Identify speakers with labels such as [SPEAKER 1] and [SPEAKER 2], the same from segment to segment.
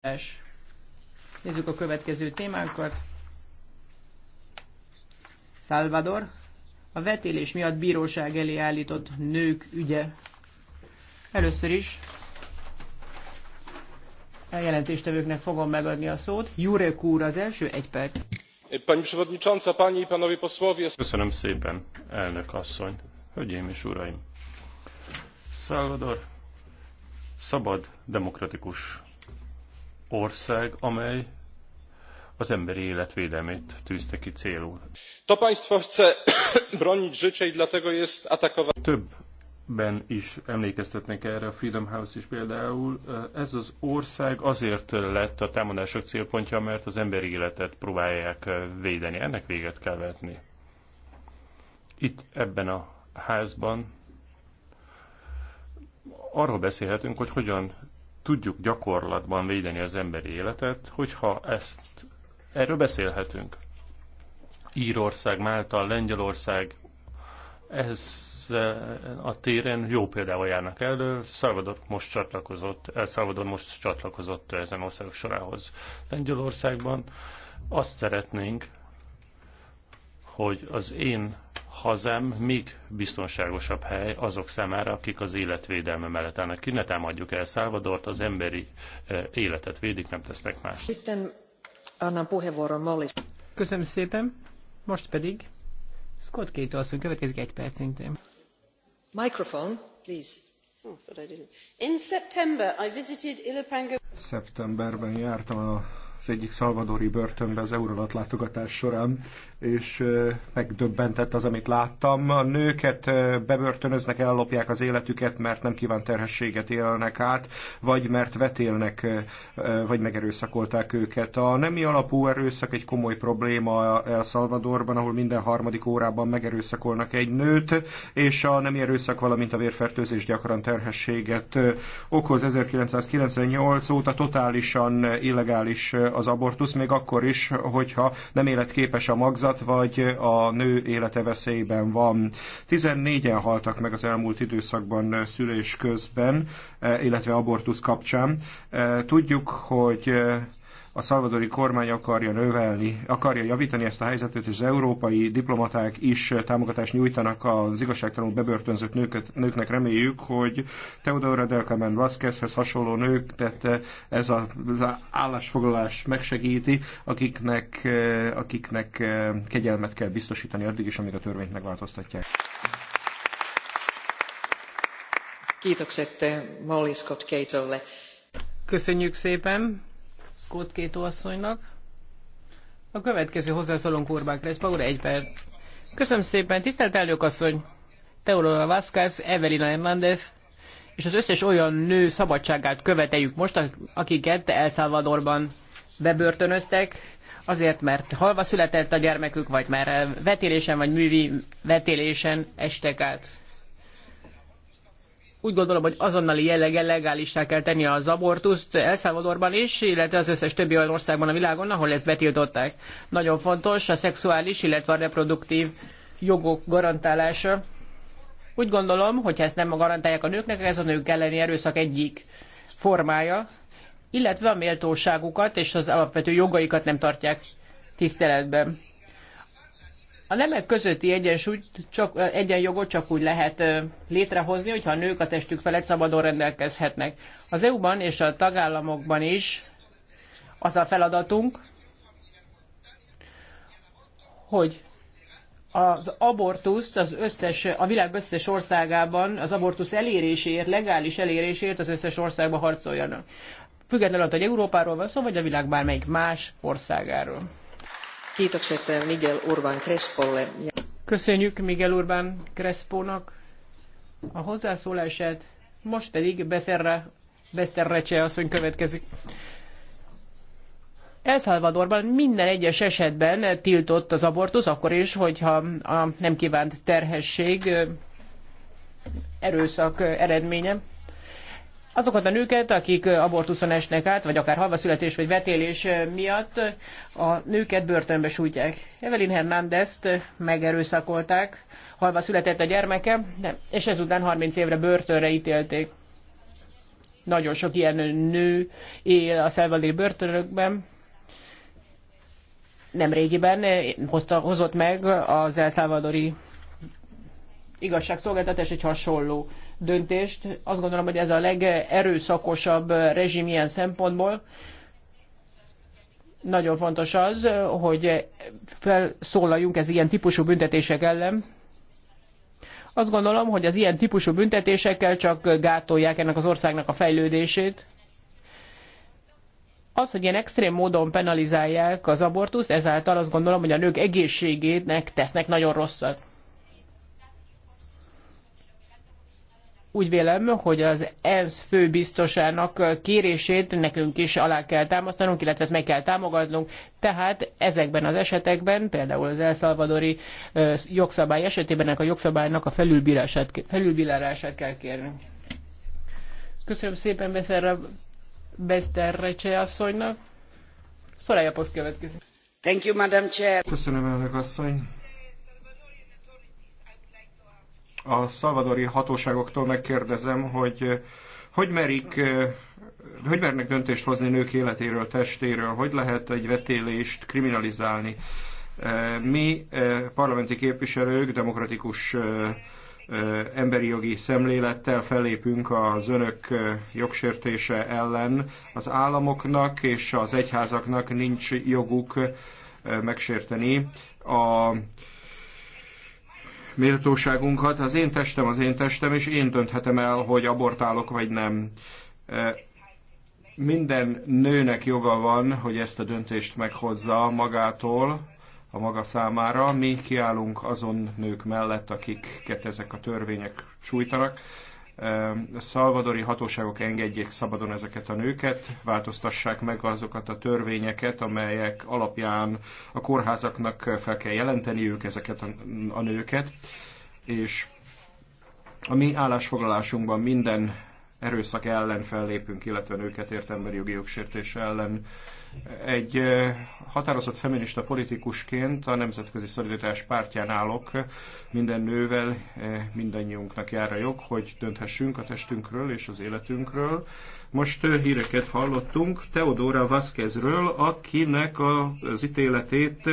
[SPEAKER 1] Es. Nézzük a következő témánkat. Salvador. A vetélés miatt bíróság elé állított nők ügye. Először is a jelentéstevőknek fogom megadni a szót. Jurek úr az első, egy perc.
[SPEAKER 2] Pani przewodnicząca, pani i panowie posłowie. Köszönöm szépen, elnök asszony, hölgyeim és uraim. Salvador szabad, demokratikus ország, amely az emberi élet védelmét tűzte ki célul.
[SPEAKER 3] To państwo chce bronić życia i dlatego jest
[SPEAKER 2] Többben is emlékeztetnek erre a Freedom House is például. Ez az ország azért lett a támadások célpontja, mert az emberi életet próbálják védeni. Ennek véget kell vetni. Itt ebben a házban arról beszélhetünk, hogy hogyan tudjuk gyakorlatban védeni az emberi életet, hogyha ezt erről beszélhetünk. Írország, Málta, Lengyelország, ez e, a téren jó példával járnak elő. Salvador most csatlakozott, El Salvador most csatlakozott ezen országok sorához. Lengyelországban azt szeretnénk, hogy az én hazám még biztonságosabb hely azok számára, akik az életvédelme mellett állnak ki. Ne támadjuk el Szálvadort, az emberi eh, életet védik, nem tesznek más.
[SPEAKER 1] annan Köszönöm szépen. Most pedig Scott Cato asszony következik egy perc szintén.
[SPEAKER 2] Microphone,
[SPEAKER 3] please. Oh, I In September I visited Ilopango. Szeptemberben jártam a az egyik szalvadori börtönbe az Eurolat látogatás során, és megdöbbentett az, amit láttam. A nőket bebörtönöznek, ellopják az életüket, mert nem kíván terhességet élnek át, vagy mert vetélnek, vagy megerőszakolták őket. A nemi alapú erőszak egy komoly probléma El Salvadorban, ahol minden harmadik órában megerőszakolnak egy nőt, és a nemi erőszak, valamint a vérfertőzés gyakran terhességet okoz. 1998 óta totálisan illegális az abortusz, még akkor is, hogyha nem életképes a magzat, vagy a nő élete veszélyben van. 14-en haltak meg az elmúlt időszakban szülés közben, eh, illetve abortusz kapcsán. Eh, tudjuk, hogy eh, a szalvadori kormány akarja növelni, akarja javítani ezt a helyzetet, és az európai diplomaták is támogatást nyújtanak az igazságtalanul bebörtönzött nőket, nőknek. Reméljük, hogy Teodora del Carmen Vázquezhez hasonló nők, tehát ez az állásfoglalás megsegíti, akiknek, akiknek kegyelmet kell biztosítani addig is, amíg a törvényt megváltoztatják.
[SPEAKER 1] Kiitokset eh, Molly Scott Köszönjük szépen! Scott két asszonynak. A következő hozzászólónk Orbán Kreszpaura, egy perc. Köszönöm szépen, tisztelt elnök asszony! Teodora Vázquez, Evelina Hernández, és az összes olyan nő szabadságát követeljük most, akiket El Salvadorban bebörtönöztek, azért, mert halva született a gyermekük, vagy mert vetélésen, vagy művi vetélésen estek át úgy gondolom, hogy azonnali jelleggel legálisá kell tenni az abortuszt El Salvadorban is, illetve az összes többi olyan országban a világon, ahol ezt betiltották. Nagyon fontos a szexuális, illetve a reproduktív jogok garantálása. Úgy gondolom, hogy ha ezt nem garantálják a nőknek, ez a nők elleni erőszak egyik formája, illetve a méltóságukat és az alapvető jogaikat nem tartják tiszteletben. A nemek közötti egyensúly csak, egyenjogot csak úgy lehet létrehozni, hogyha a nők a testük felett szabadon rendelkezhetnek. Az EU-ban és a tagállamokban is az a feladatunk, hogy az abortuszt az összes, a világ összes országában az abortusz eléréséért, legális eléréséért az összes országban harcoljanak. Függetlenül attól, hogy Európáról van szó, vagy a világ bármelyik más országáról. Eh, Köszönjük Miguel Urbán crespo Köszönjük Miguel a hozzászólását, most pedig Becerra, Becerrecse asszony következik. El Salvadorban minden egyes esetben tiltott az abortusz, akkor is, hogyha a nem kívánt terhesség eh, erőszak eredménye azokat a nőket, akik abortuszon esnek át, vagy akár halvaszületés vagy vetélés miatt a nőket börtönbe sújtják. Evelyn Hernándezt megerőszakolták, halva született a gyermeke, de, és ezután 30 évre börtönre ítélték. Nagyon sok ilyen nő él a szelvadéli börtönökben, nemrégiben eh, hozta, hozott meg az elszálvadori igazságszolgáltatás egy hasonló döntést. Azt gondolom, hogy ez a legerőszakosabb rezsim ilyen szempontból. Nagyon fontos az, hogy felszólaljunk ez ilyen típusú büntetések ellen. Azt gondolom, hogy az ilyen típusú büntetésekkel csak gátolják ennek az országnak a fejlődését az, hogy ilyen extrém módon penalizálják az abortuszt, ezáltal azt gondolom, hogy a nők egészségének tesznek nagyon rosszat. úgy vélem, hogy az ENSZ főbiztosának kérését nekünk is alá kell támasztanunk, illetve ezt meg kell támogatnunk. Tehát ezekben az esetekben, például az elszalvadori jogszabály esetében ennek a jogszabálynak a felülbírását, kell kérni. Köszönöm szépen Beszerre Beszterrecse asszonynak. Szorája Poszt következik. Thank you, Madam Chair.
[SPEAKER 3] Köszönöm, elnök asszony a szalvadori hatóságoktól megkérdezem, hogy hogy merik hogy mernek döntést hozni nők életéről, testéről, hogy lehet egy vetélést kriminalizálni. Mi eh, parlamenti képviselők demokratikus eh, eh, emberi jogi szemlélettel fellépünk az önök jogsértése ellen. Az államoknak és az egyházaknak nincs joguk megsérteni a méltóságunkat. Az én testem az én testem, és én dönthetem el, hogy abortálok vagy nem. Minden nőnek joga van, hogy ezt a döntést meghozza magától, a maga számára. Mi kiállunk azon nők mellett, akiket ezek a törvények sújtanak a szalvadori hatóságok engedjék szabadon ezeket a nőket, változtassák meg azokat a törvényeket, amelyek alapján a kórházaknak fel kell jelenteni ők ezeket a nőket, és a mi állásfoglalásunkban minden erőszak ellen fellépünk, illetve nőket ért emberi jogi jogsértés ellen. Egy határozott feminista politikusként a Nemzetközi Szolidaritás pártján állok. Minden nővel mindannyiunknak jár a jog, hogy dönthessünk a testünkről és az életünkről. Most híreket hallottunk Teodora Vázquezről, akinek az ítéletét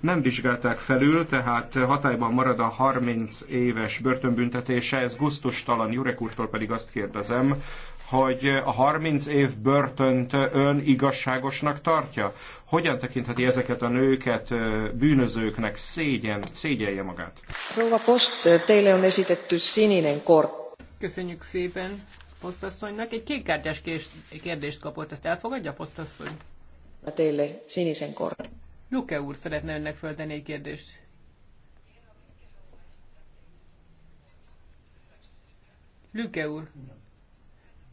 [SPEAKER 3] nem vizsgálták felül, tehát hatályban marad a 30 éves börtönbüntetése. Ez guztustalan Jurek úrtól pedig azt kérdezem, hogy a 30 év börtönt ön igazságosnak tartja? Hogyan tekintheti ezeket a nőket bűnözőknek? Szégyen, szégyelje magát.
[SPEAKER 1] Róva Post, teille on esitetty sininen kort. Köszönjük szépen posztasszonynak. Egy kékkártyás kérdést kapott, ezt elfogadja, posztasszony? A téle sinisen kor. Luke úr szeretne önnek föltenni egy kérdést. Lüke úr,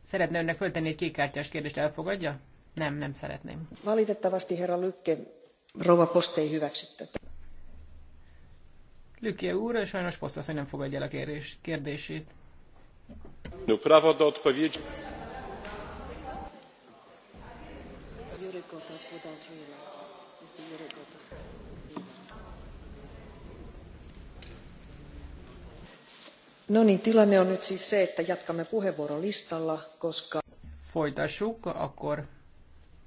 [SPEAKER 1] szeretne önnek föltenni egy kékkártyás kérdést, elfogadja? Nem, nem szeretném. Valitettavasti herra Lükke, rova postei hyväksyttet. Lüke úr, sajnos posztasszony nem fogadja el a kérdését
[SPEAKER 2] prawo do odpowiedzi
[SPEAKER 1] Folytassuk, akkor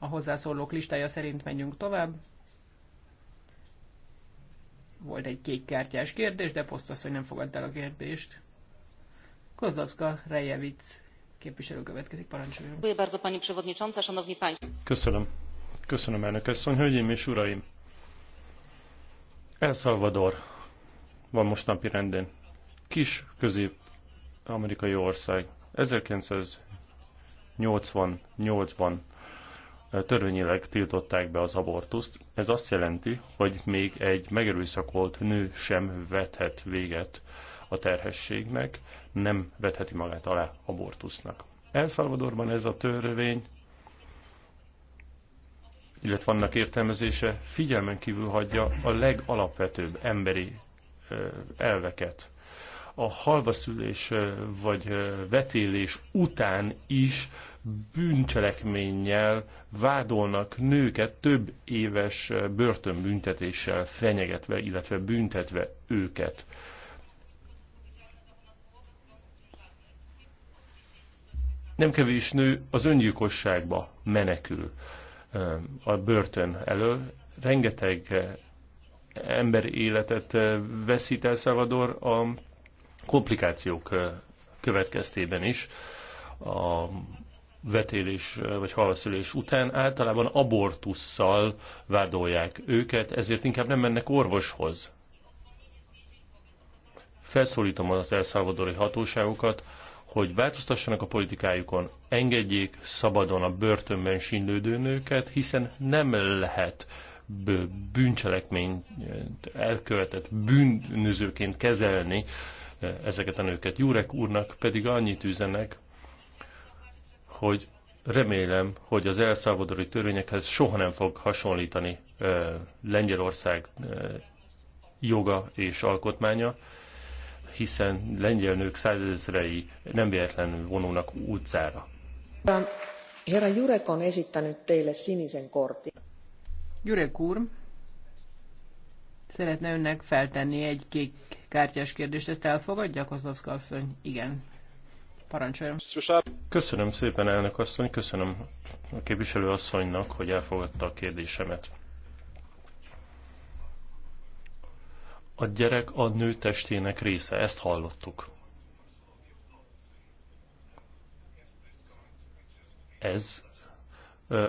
[SPEAKER 1] a hozzászólók listája szerint menjünk tovább. Volt egy kékkártyás kérdés, de posztasszony nem fogadta el a kérdést képviselő következik,
[SPEAKER 3] parancsoljon.
[SPEAKER 2] Köszönöm. Köszönöm, elnök asszony, hölgyeim és uraim. El Salvador van most napi rendén. Kis közép-amerikai ország. 1988-ban eh, törvényileg tiltották be az abortuszt. Ez azt jelenti, hogy még egy megerőszakolt nő sem vethet véget a terhességnek, nem vetheti magát alá abortusznak. El Salvadorban ez a törvény, illetve vannak értelmezése, figyelmen kívül hagyja a legalapvetőbb emberi elveket. A halvaszülés vagy vetélés után is bűncselekménnyel vádolnak nőket több éves börtönbüntetéssel fenyegetve, illetve büntetve őket. Nem kevés nő az öngyilkosságba menekül a börtön elől. Rengeteg ember életet veszít El Salvador a komplikációk következtében is. A vetélés vagy halaszülés után általában abortussal vádolják őket, ezért inkább nem mennek orvoshoz. Felszólítom az elszalvadori hatóságokat, hogy változtassanak a politikájukon, engedjék szabadon a börtönben sínlődő nőket, hiszen nem lehet bűncselekményt elkövetett bűnözőként kezelni e, ezeket a nőket. Jurek úrnak pedig annyit üzenek, hogy remélem, hogy az elszávodori törvényekhez soha nem fog hasonlítani e, Lengyelország e, joga és alkotmánya, hiszen lengyel nők százezrei nem véletlenül vonulnak utcára.
[SPEAKER 1] Herra Jurek on esittänyt teille sinisen kortin. Jurek úr, szeretne önnek feltenni egy kék kártyás kérdést. Ezt elfogadja, Kozlovszka asszony? Igen.
[SPEAKER 2] Parancsoljon. Köszönöm szépen, elnök asszony. Köszönöm a képviselő asszonynak, hogy elfogadta a kérdésemet. A gyerek a nő testének része, ezt hallottuk. Ez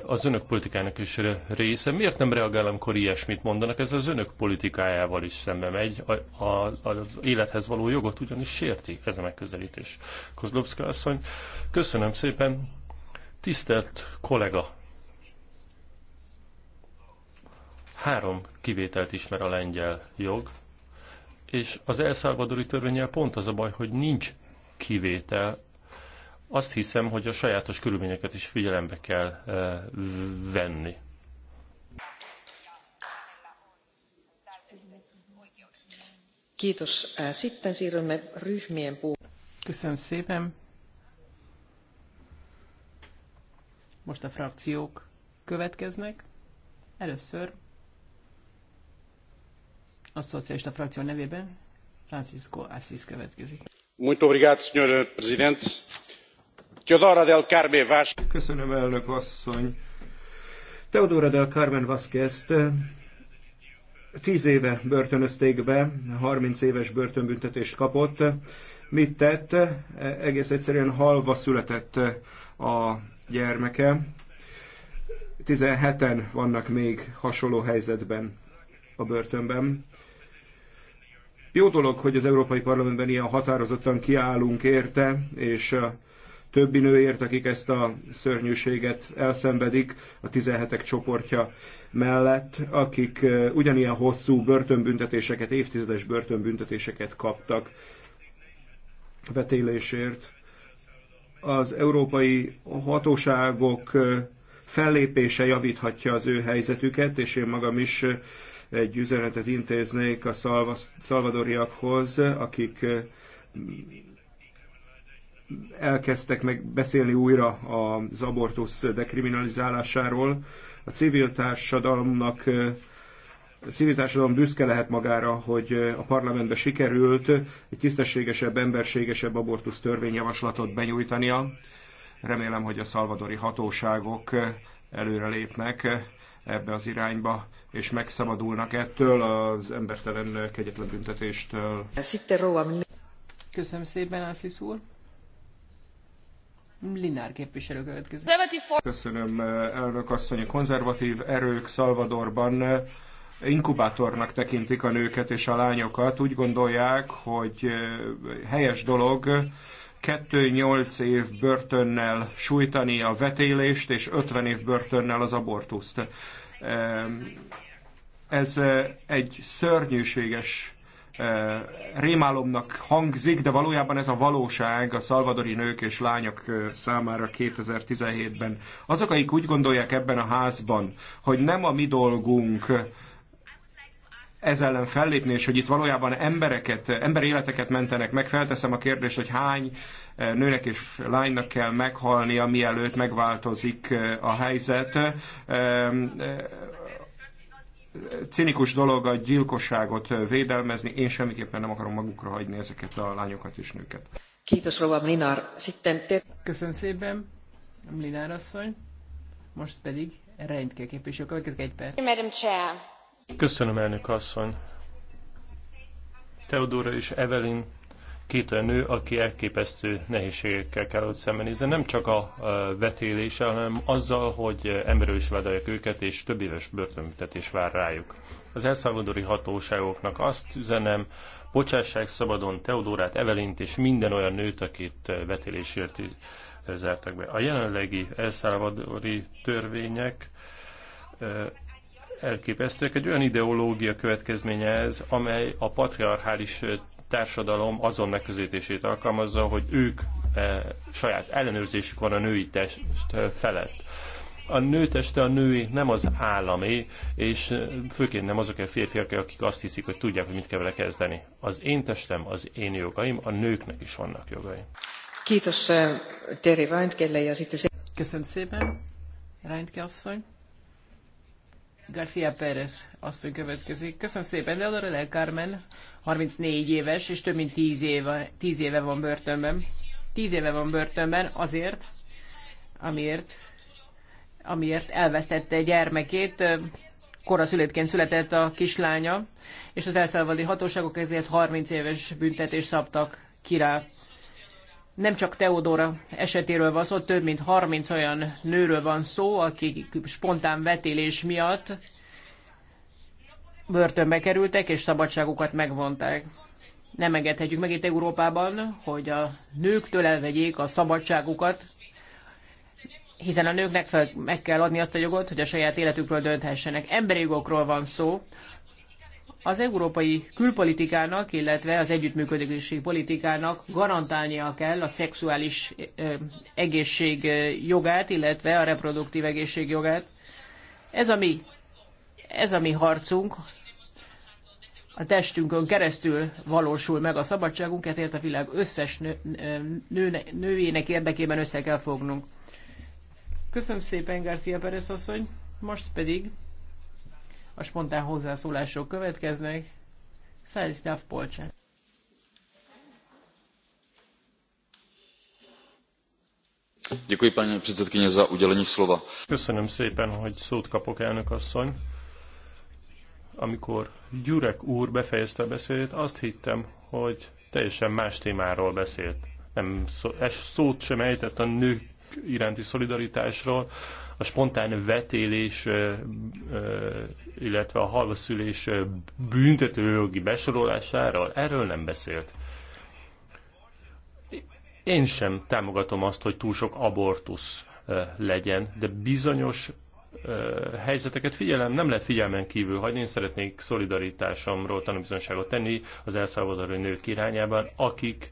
[SPEAKER 2] az önök politikának is része. Miért nem reagál, amikor ilyesmit mondanak? Ez az önök politikájával is szembe megy. A, a, az élethez való jogot ugyanis sérti ez a megközelítés. Kozlovszka asszony, köszönöm szépen. Tisztelt kollega, három kivételt ismer a lengyel jog és az elszálvadori törvényel pont az a baj, hogy nincs kivétel. Azt hiszem, hogy a sajátos körülményeket is figyelembe kell e, venni.
[SPEAKER 1] Kiitos. Sitten siirrymme ryhmien puu. Köszönöm szépen. Most a frakciók következnek. Először a szocialista frakció nevében Francisco Assis következik.
[SPEAKER 3] Muito obrigado, Sr. Presidente. Teodora del Carmen Vázquez. Köszönöm, elnök asszony. Teodora del Carmen vázquez eh, tíz éve börtönözték be, 30 éves börtönbüntetést kapott. Mit tett? Eh, egész egyszerűen halva született eh, a gyermeke. 17-en vannak még hasonló helyzetben a börtönben. Jó dolog, hogy az Európai Parlamentben ilyen határozottan kiállunk érte, és a többi nőért, akik ezt a szörnyűséget elszenvedik, a 17-ek csoportja mellett, akik ugyanilyen hosszú börtönbüntetéseket, évtizedes börtönbüntetéseket kaptak vetélésért. Az európai hatóságok fellépése javíthatja az ő helyzetüket, és én magam is egy üzenetet intéznék a szalvadoriakhoz, akik elkezdtek meg beszélni újra az abortusz dekriminalizálásáról. A civil társadalomnak a civil társadalom büszke lehet magára, hogy a parlamentbe sikerült egy tisztességesebb, emberségesebb abortusz törvényjavaslatot benyújtania. Remélem, hogy a szalvadori hatóságok előrelépnek ebbe az irányba, és megszabadulnak ettől az embertelen, kegyetlen büntetéstől.
[SPEAKER 1] Köszönöm szépen, Assis úr. Linár képviselő következő.
[SPEAKER 3] Köszönöm, elnök asszony. A konzervatív erők Szalvadorban inkubátornak tekintik a nőket és a lányokat. Úgy gondolják, hogy eh, helyes dolog, 2-8 év börtönnel sújtani a vetélést, és 50 év börtönnel az abortuszt. Ez eh, egy szörnyűséges eh, rémálomnak hangzik, de valójában ez a valóság a szalvadori nők és lányok eh, számára 2017-ben. Azok, akik úgy gondolják ebben a házban, hogy nem a mi dolgunk ez ellen fellépni, és hogy itt valójában embereket, emberéleteket mentenek meg, felteszem a kérdést, hogy hány eh, nőnek és lánynak kell meghalni, mielőtt megváltozik eh, a helyzet. Ehm, eh, cinikus dolog a gyilkosságot védelmezni, én semmiképpen nem akarom magukra hagyni ezeket a lányokat és nőket.
[SPEAKER 1] Köszönöm szépen, Linár asszony. Most pedig rendképviselő következik egy perc. Madam Chair.
[SPEAKER 2] Köszönöm, elnök asszony. Teodóra és Evelyn két olyan nő, aki elképesztő nehézségekkel kell, ott szembenézni. nem csak a vetéléssel, hanem azzal, hogy emberről is vádolják őket, és több éves börtönbüntetés vár rájuk. Az elszalvadori hatóságoknak azt üzenem, bocsássák szabadon Teodórát, Evelint és minden olyan nőt, akit vetélésért zártak be. A jelenlegi elszalvadori törvények elképesztőek. Egy olyan ideológia következménye ez, amely a patriarchális társadalom azon megközelítését alkalmazza, hogy ők e, saját ellenőrzésük van a női test felett. A nőteste a női, nem az állami, és főként nem azok a férfiak, akik azt hiszik, hogy tudják, hogy mit kell vele kezdeni. Az én testem, az én jogaim, a nőknek is vannak jogai.
[SPEAKER 1] Köszönöm szépen, Reintke asszony. García Pérez asszony következik. Köszönöm szépen, de oda El Carmen 34 éves, és több mint 10 éve, 10 éve van börtönben. 10 éve van börtönben azért, amiért, amiért elvesztette gyermekét, koraszülöttként született a kislánya, és az elszálvadi hatóságok ezért 30 éves büntetést szabtak ki rá nem csak Teodora esetéről van szó, több mint 30 olyan nőről van szó, akik spontán vetélés miatt börtönbe kerültek és szabadságukat megvonták. Nem engedhetjük meg itt Európában, hogy a nőktől elvegyék a szabadságukat, hiszen a nőknek fel, meg kell adni azt a jogot, hogy a saját életükről dönthessenek. Emberi jogokról van szó, az európai külpolitikának, illetve az együttműködési politikának garantálnia kell a szexuális egészség jogát, illetve a reproduktív egészség jogát. Ez a mi, ez a mi harcunk, a testünkön keresztül valósul meg a szabadságunk, ezért a világ összes nő, nő, nőjének érdekében össze kell fognunk. Köszönöm szépen, García Pérez asszony. Most pedig a spontán hozzászólások következnek. Szárisztáv
[SPEAKER 2] Polcsák. paní předsedající köszönöm szépen hogy szót kapok elnök asszony. amikor Gyurek úr befejezte a beszédét azt hittem hogy teljesen más témáról beszélt. nem szó, szót sem ejtett a nők iránti szolidaritásról, a spontán vetélés, illetve a halvaszülés büntetőjogi besorolásáról, erről nem beszélt. Én sem támogatom azt, hogy túl sok abortusz legyen, de bizonyos helyzeteket figyelem, nem lehet figyelmen kívül hagyni. Én szeretnék szolidaritásomról tanúbizonságot tenni az elszalvadori nők irányában, akik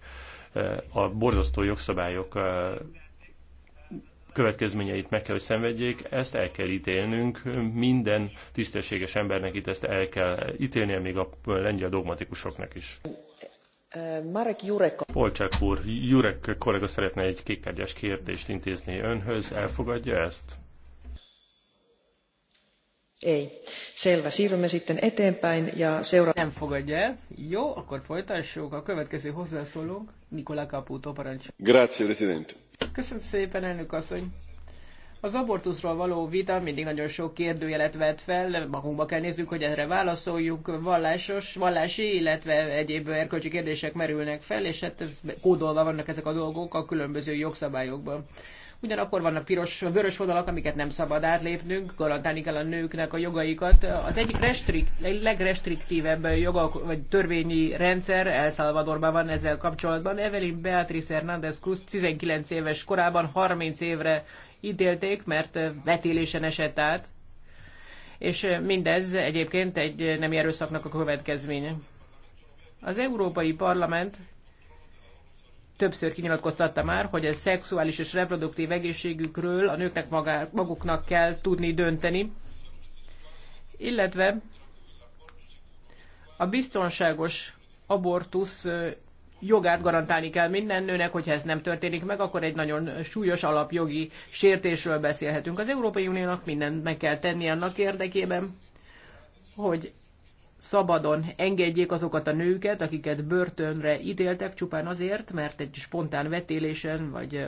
[SPEAKER 2] a borzasztó jogszabályok következményeit meg kell, hogy szenvedjék, ezt el kell ítélnünk, minden tisztességes embernek itt ezt el kell ítélnie, még a lengyel dogmatikusoknak is.
[SPEAKER 1] Marek Jurek.
[SPEAKER 2] Polcsák úr, Jurek kollega szeretne egy kékkártyás kérdést intézni önhöz, elfogadja ezt?
[SPEAKER 1] Ei. Selvä. Siirrymme sitten eteenpäin ja seura... Nem fogadja el. Jó, akkor folytassuk. A következő hozzászólónk Nikola Caputo parancs.
[SPEAKER 2] Grazie, Presidente.
[SPEAKER 1] Köszönöm szépen, elnök asszony. Az abortuszról való vita mindig nagyon sok kérdőjelet vet fel, magunkba kell néznünk, hogy erre válaszoljunk, vallásos, vallási, illetve egyéb erkölcsi kérdések merülnek fel, és hát ez kódolva vannak ezek a dolgok a különböző jogszabályokban. Ugyanakkor vannak piros, vörös vonalak, amiket nem szabad átlépnünk, garantálni kell a nőknek a jogaikat. Az egyik restrikt, legrestriktívebb jogok, vagy törvényi rendszer El Salvadorban van ezzel kapcsolatban. Evelyn Beatrice Hernández Cruz 19 éves korában 30 évre ítélték, mert vetélésen esett át, és mindez egyébként egy nemi erőszaknak a következménye. Az Európai Parlament többször kinyilatkoztatta már, hogy a szexuális és reproduktív egészségükről a nőknek magá, maguknak kell tudni dönteni, illetve a biztonságos abortusz jogát garantálni kell minden nőnek, hogyha ez nem történik meg, akkor egy nagyon súlyos alapjogi sértésről beszélhetünk. Az Európai Uniónak mindent meg kell tenni annak érdekében, hogy szabadon engedjék azokat a nőket, akiket börtönre ítéltek csupán azért, mert egy spontán vetélésen vagy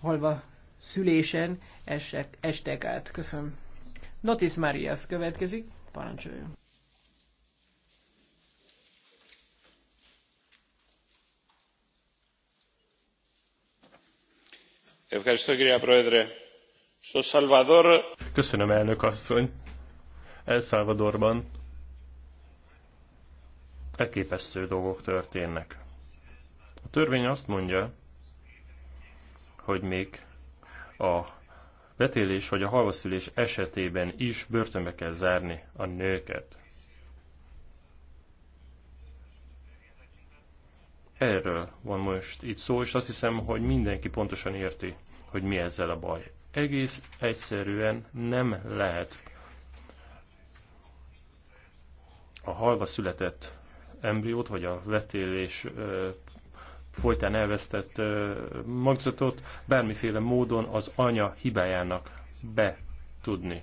[SPEAKER 1] halva szülésen esek, estek át. Köszönöm. Notis Marias következik, parancsoljon.
[SPEAKER 2] Köszönöm, elnök asszony. El Salvadorban elképesztő dolgok történnek. A törvény azt mondja, hogy még a vetélés vagy a halvaszülés esetében is börtönbe kell zárni a nőket. Erről van most itt szó, és azt hiszem, hogy mindenki pontosan érti, hogy mi ezzel a baj. Egész egyszerűen nem lehet a halva született embriót, vagy a vetélés folytán elvesztett magzatot bármiféle módon az anya hibájának be tudni.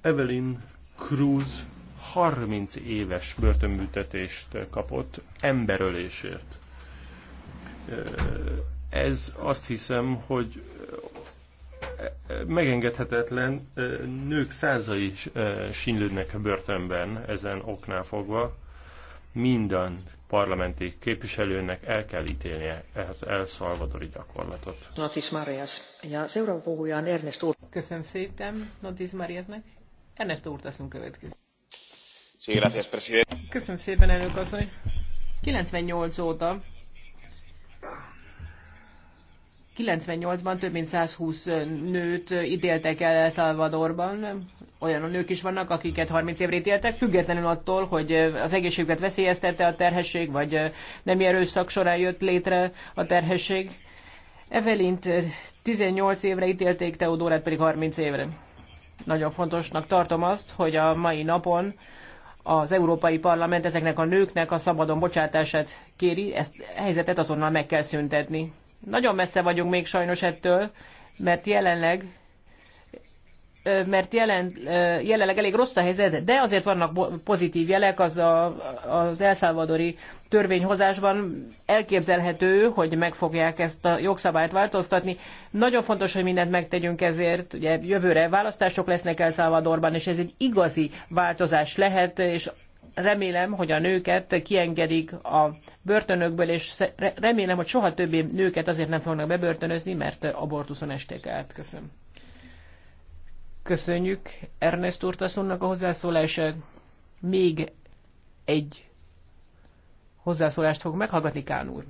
[SPEAKER 2] Evelyn Cruz 30 éves börtönbüntetést kapott emberölésért. Ez azt hiszem, hogy megengedhetetlen, nők százai sínlődnek a börtönben ezen oknál fogva minden parlamenti képviselőnek el kell ítélnie ehhez El Salvadori gyakorlatot.
[SPEAKER 1] Notis Marias. Ja, seuraava puhuja Ernest Ur. Köszönöm szépen Notis Mariasnak. Ernest Urtasun következik.
[SPEAKER 3] Sí, gracias, president.
[SPEAKER 1] Köszönöm szépen, elnök asszony. 98 óta 98-ban több mint 120 nőt ítéltek el El Salvadorban olyan nők is vannak, akiket 30 évre ítéltek, függetlenül attól, hogy az egészségüket veszélyeztette a terhesség, vagy nem erőszak során jött létre a terhesség. Evelint 18 évre ítélték, Teodórát pedig 30 évre. Nagyon fontosnak tartom azt, hogy a mai napon az Európai Parlament ezeknek a nőknek a szabadon bocsátását kéri, ezt a helyzetet azonnal meg kell szüntetni. Nagyon messze vagyunk még sajnos ettől, mert jelenleg mert jelen, jelenleg elég rossz a helyzet, de azért vannak pozitív jelek, az a, az elszálvadori törvényhozásban elképzelhető, hogy meg fogják ezt a jogszabályt változtatni. Nagyon fontos, hogy mindent megtegyünk ezért, ugye jövőre választások lesznek El Salvadorban, és ez egy igazi változás lehet, és remélem, hogy a nőket kiengedik a börtönökből, és remélem, hogy soha többé nőket azért nem fognak bebörtönözni, mert abortuszon esték át. Köszönöm. Köszönjük Ernest Urtaszonnak a hozzászólását. Még egy hozzászólást fog meghallgatni Kán úr.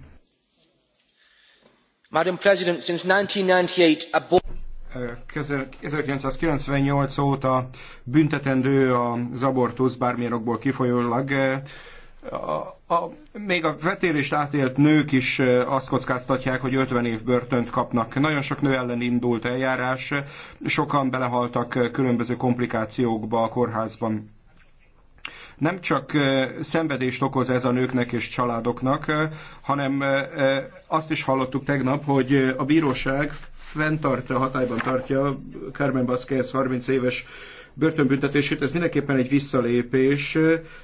[SPEAKER 3] Madam President, since 1998 a 1998 óta büntetendő az abortusz bármilyen okból kifolyólag a, a, még a vetélést átélt nők is azt kockáztatják, hogy 50 év börtönt kapnak. Nagyon sok nő ellen indult eljárás, sokan belehaltak különböző komplikációkba a kórházban. Nem csak szenvedést okoz ez a nőknek és családoknak, hanem azt is hallottuk tegnap, hogy a bíróság fenntartja, hatályban tartja Carmen Vázquez 30 éves börtönbüntetését, ez mindenképpen egy visszalépés.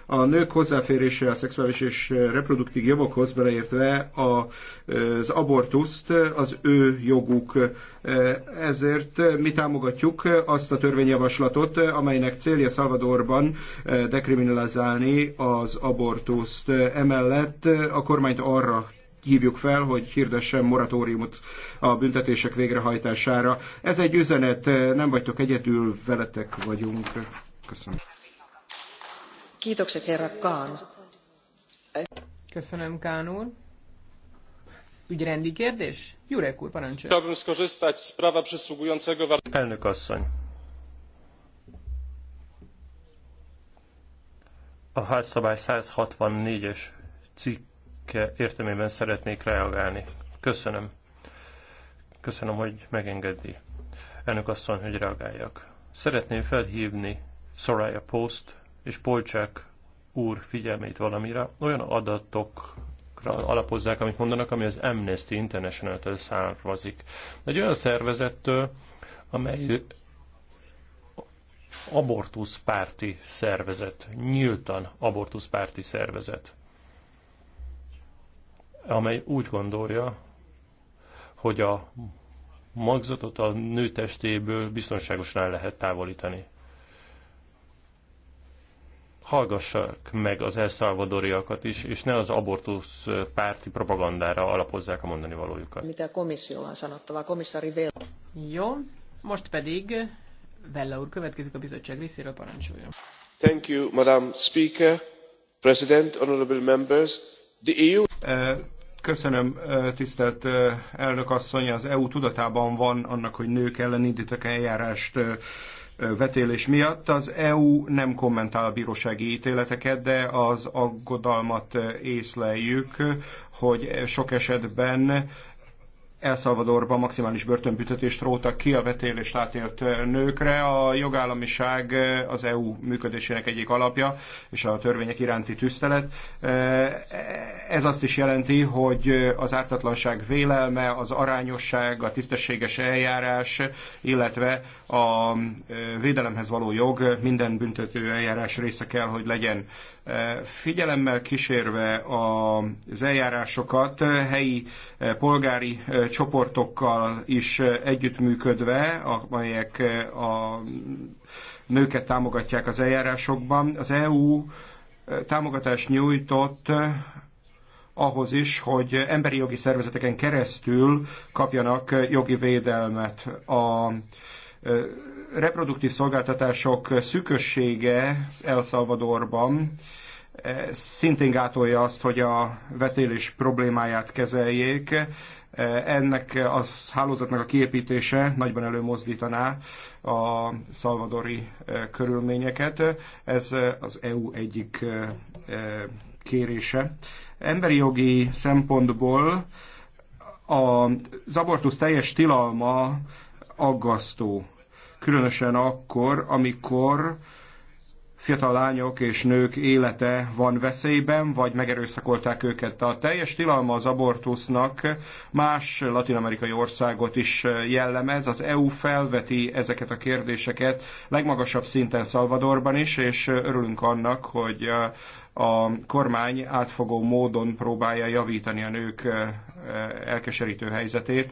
[SPEAKER 3] A nők hozzáférése a szexuális és reproduktív jogokhoz, beleértve az abortuszt, az ő joguk. Ezért mi támogatjuk azt a törvényjavaslatot, amelynek célja Salvadorban dekriminalizálni az abortuszt. Emellett a kormányt arra hívjuk fel, hogy hirdessen moratóriumot a büntetések végrehajtására. Ez egy üzenet, nem vagytok egyedül, veletek vagyunk. Köszönöm.
[SPEAKER 1] Köszönöm, Kán úr. Ügyrendi kérdés?
[SPEAKER 3] Jurek úr, parancsolja.
[SPEAKER 2] Elnök asszony. A házszabály 164-es cikk értelmében szeretnék reagálni. Köszönöm. Köszönöm, hogy megengedi. Elnök asszony, hogy reagáljak. Szeretném felhívni Soraya Post és Polcsák úr figyelmét valamire. Olyan adatok alapozzák, amit mondanak, ami az Amnesty International-től származik. Egy olyan szervezettől, amely abortuszpárti szervezet, nyíltan abortuszpárti szervezet amely úgy gondolja, hogy a magzatot a nő testéből biztonságosan el lehet távolítani. Hallgassák meg az elszalvadoriakat is, és ne az abortusz párti propagandára alapozzák a mondani valójukat. Mitä komissio
[SPEAKER 1] on sanottava? Komissari vél. Jó, most pedig Vella úr következik
[SPEAKER 3] a bizottság részéről parancsoljon. Thank you, Madam Speaker, President, Honorable Members. The EU Köszönöm, tisztelt elnök asszony, az EU tudatában van annak, hogy nők ellen indítok eljárást vetélés miatt. Az EU nem kommentál a bírósági ítéleteket, de az aggodalmat észleljük, hogy sok esetben el Salvadorban maximális börtönbüntetést rótak ki a vetélést átélt nőkre. A jogállamiság eh, az EU működésének egyik alapja, és a törvények iránti tisztelet. Eh, ez azt is jelenti, hogy az ártatlanság vélelme, az arányosság, a tisztességes eljárás, illetve a eh, védelemhez való jog minden büntető eljárás része kell, hogy legyen. Figyelemmel kísérve az eljárásokat helyi polgári csoportokkal is együttműködve, amelyek a nőket támogatják az eljárásokban. Az EU eh, támogatást nyújtott eh, ahhoz is, hogy emberi jogi szervezeteken keresztül kapjanak eh, jogi védelmet. A reproduktív szolgáltatások szükössége El Salvadorban szintén gátolja azt, hogy a vetélés problémáját kezeljék. Ennek a hálózatnak a kiépítése nagyban előmozdítaná a szalvadori körülményeket. Ez az EU egyik kérése. Emberi jogi szempontból az abortusz teljes tilalma aggasztó, különösen akkor, amikor fiatal lányok és nők élete van veszélyben, vagy megerőszakolták őket. A teljes tilalma az abortusznak más latinamerikai országot is jellemez. Az EU felveti ezeket a kérdéseket legmagasabb szinten Salvadorban is, és örülünk annak, hogy a kormány átfogó módon próbálja javítani a nők elkeserítő helyzetét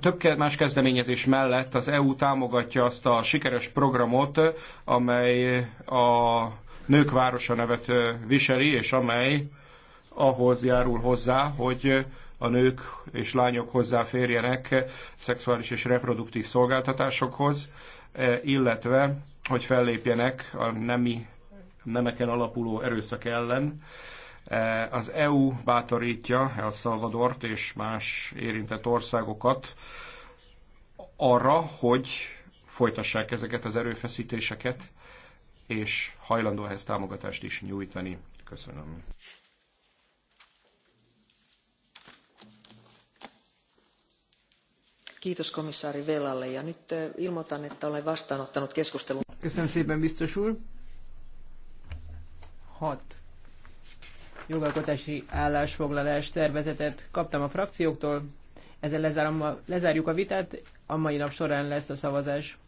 [SPEAKER 3] több más kezdeményezés mellett az EU támogatja azt a sikeres programot, amely a Nők Városa nevet viseli, és amely ahhoz járul hozzá, hogy a nők és lányok hozzáférjenek szexuális és reproduktív szolgáltatásokhoz, illetve hogy fellépjenek a nemi nemeken alapuló erőszak ellen. Eh, az EU bátorítja El Salvadort és más érintett országokat arra, hogy folytassák ezeket az erőfeszítéseket, és hajlandó ehhez támogatást is nyújtani. Köszönöm.
[SPEAKER 1] Kiitos komissári Vélalle, Ja nyt ilmoitan, että olen vastaanottanut keskustelun. Köszönöm szépen, biztos úr. Hat jogalkotási állásfoglalás tervezetet kaptam a frakcióktól. Ezzel lezárom a, lezárjuk a vitát, a mai nap során lesz a szavazás.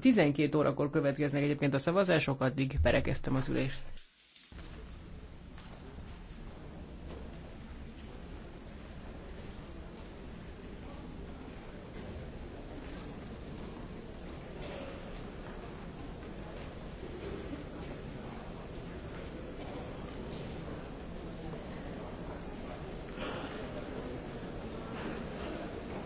[SPEAKER 1] 12 órakor következnek egyébként a szavazások, addig perekeztem az ülést.